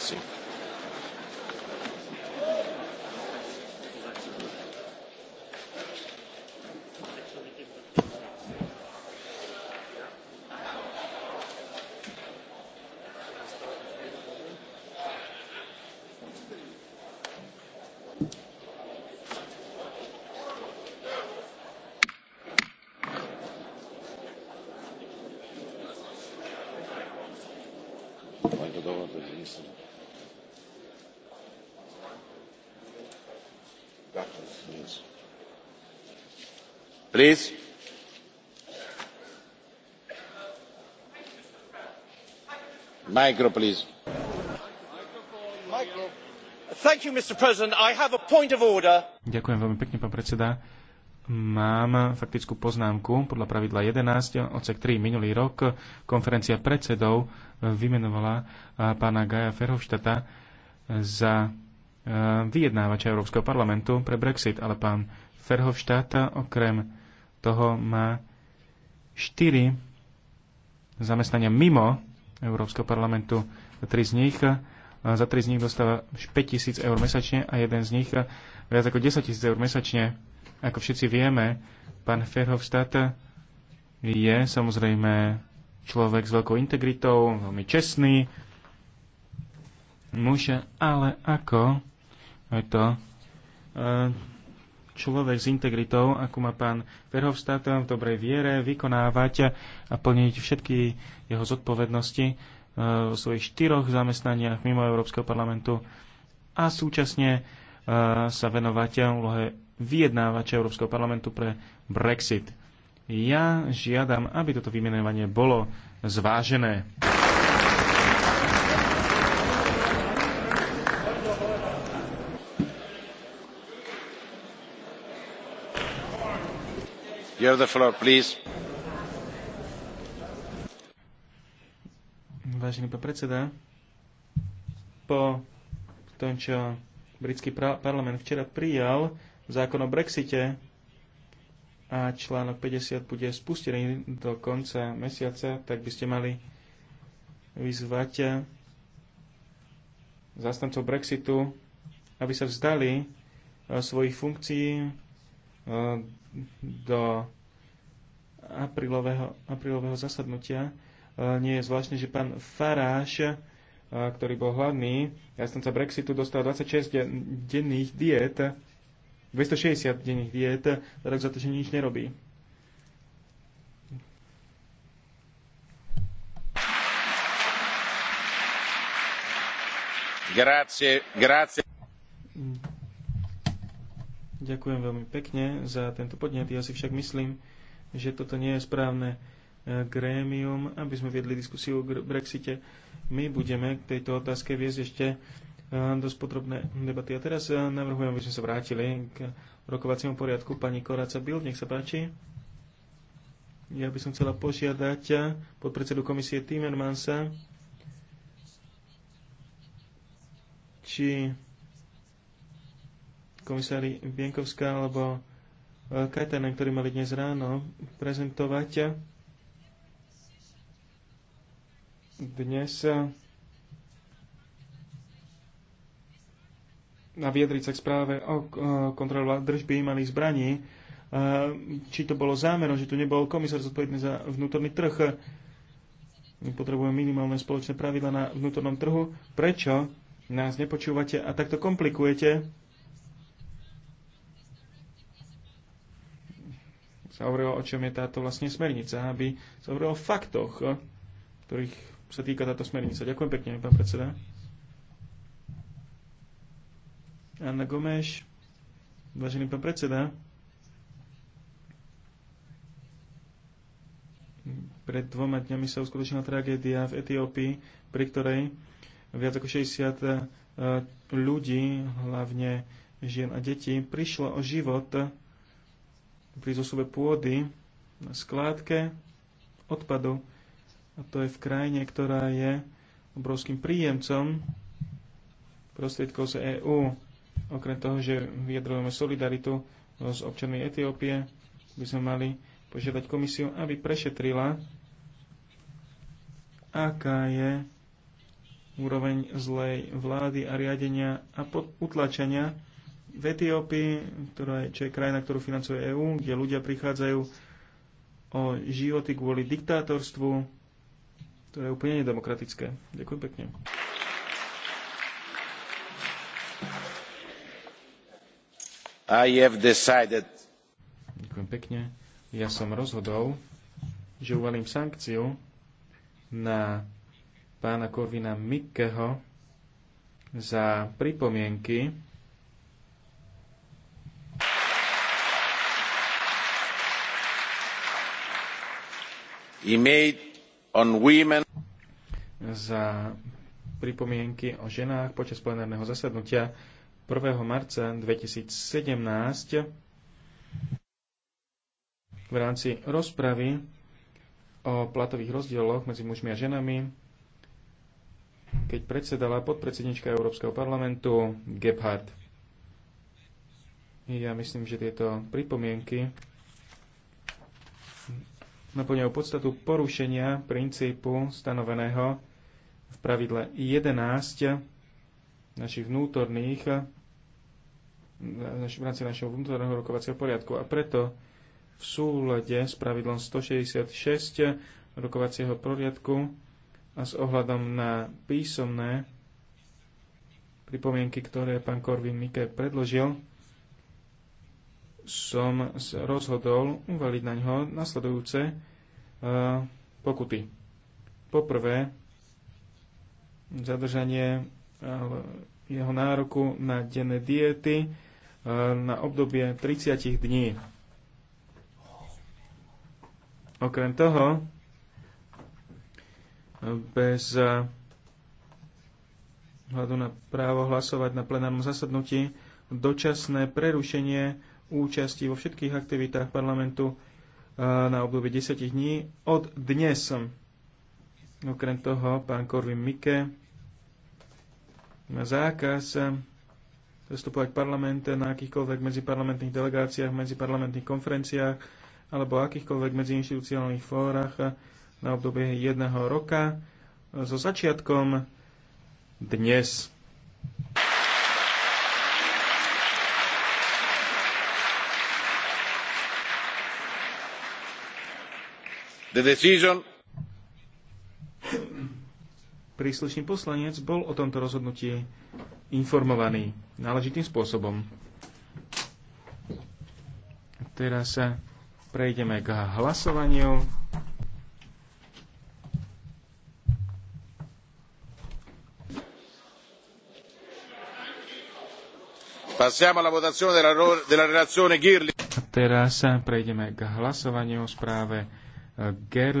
poslanci mr president i have a point of order. ďakujem veľmi pekne pán predseda mám faktickú poznámku podľa pravidla 11 odsek 3 minulý rok konferencia predsedov vymenovala eh, pána Gaja Ferhofštata za eh, vyjednávača Európskeho parlamentu pre Brexit, ale pán Ferhovštát eh, okrem toho má 4 zamestnania mimo Európskeho parlamentu. Tri z nich, za tri z nich dostáva 5000 eur mesačne a jeden z nich viac ako 10 tisíc eur mesačne. Ako všetci vieme, pán Ferhofstadt je samozrejme človek s veľkou integritou, veľmi čestný muž, ale ako je to e, človek s integritou, ako má pán Verhofstadt v dobrej viere, vykonávať a plniť všetky jeho zodpovednosti eh, v svojich štyroch zamestnaniach mimo Európskeho parlamentu a súčasne eh, sa venovať úlohe vyjednávača Európskeho parlamentu pre Brexit. Ja žiadam, aby toto vymenovanie bolo zvážené. Floor, Vážený pán predseda, po tom, čo britský parlament včera prijal zákon o Brexite a článok 50 bude spustený do konca mesiaca, tak by ste mali vyzvať zástancov Brexitu, aby sa vzdali eh, svojich funkcií eh, do aprílového, aprílového zasadnutia. E, nie je zvláštne, že pán Faráš, e, ktorý bol hlavný jastanca Brexitu, dostal 26 denných diet, 260 denných diet, tak za to, že nič nerobí. Grazie, grazie. Ďakujem veľmi pekne za tento podnet. Ja si však myslím, že toto nie je správne e, grémium, aby sme viedli diskusiu o Brexite. My budeme k tejto otázke viesť ešte e, dosť podrobné debaty. A teraz e, navrhujem, aby sme sa vrátili k rokovaciemu poriadku. Pani Koráca Bild, nech sa páči. Ja by som chcela požiadať podpredsedu komisie Timmermansa, či komisári Bienkovská alebo e, Katana, ktorí mali dnes ráno prezentovať. E, dnes na e, vyjadriť sa k správe o kontrole držby imalých zbraní, či to bolo zámerom, že tu nebol komisár zodpovedný za vnútorný trh. Potrebujeme minimálne spoločné pravidla na vnútornom trhu. Prečo nás nepočúvate a takto komplikujete sa hovorilo, o čom je táto vlastne smernica, aby sa hovorilo o faktoch, eh, ktorých sa týka táto smernica. Ďakujem pekne, pán predseda. Anna Gomeš, vážený pán predseda, pred dvoma dňami sa uskutočnila tragédia v Etiópii, pri ktorej viac ako 60 eh, ľudí, hlavne žien a detí, prišlo o život pri zosobe pôdy na skládke odpadu, A to je v krajine, ktorá je obrovským príjemcom prostriedkov z EÚ. Okrem toho, že vyjadrujeme solidaritu s občanmi Etiópie, by sme mali požiadať komisiu, aby prešetrila, aká je úroveň zlej vlády a riadenia a utlačenia v Etiópii, ktorá je, čo je krajina, ktorú financuje EÚ, kde ľudia prichádzajú o životy kvôli diktátorstvu, ktoré je úplne nedemokratické. Ďakujem pekne. I have decided. Ďakujem pekne. Ja som rozhodol, že uvalím sankciu na pána Korvina Mikkeho za pripomienky, za pripomienky o ženách počas plenárneho zasadnutia 1. marca 2017 v rámci rozpravy o platových rozdieloch medzi mužmi a ženami, keď predsedala podpredsednička Európskeho parlamentu Gebhardt. Ja myslím, že tieto pripomienky naplňajú podstatu porušenia princípu stanoveného v pravidle 11 našich vnútorných v rámci našeho vnútorného rokovacieho poriadku a preto v súlade s pravidlom 166 rokovacieho poriadku a s ohľadom na písomné pripomienky, ktoré pán Korvin Mike predložil, som sa rozhodol uvaliť na ňo nasledujúce e, pokuty. Poprvé, zadržanie e, jeho nároku na denné diety e, na obdobie 30 dní. Okrem toho, bez hľadu na právo hlasovať na plenárnom zasadnutí, dočasné prerušenie účasti vo všetkých aktivitách parlamentu eh, na obdobie 10 dní od dnes. Okrem toho pán Korvin Mike má zákaz zastupovať parlament na akýchkoľvek medziparlamentných delegáciách, medziparlamentných konferenciách alebo akýchkoľvek medziinstitucionálnych fórach na obdobie jedného roka so začiatkom dnes. Príslušný poslanec bol o tomto rozhodnutí informovaný náležitým spôsobom. Teraz sa prejdeme k hlasovaniu. Passiamo alla votazione della, della relazione Girli. Teraz prejdeme k hlasovaniu o správe Gerl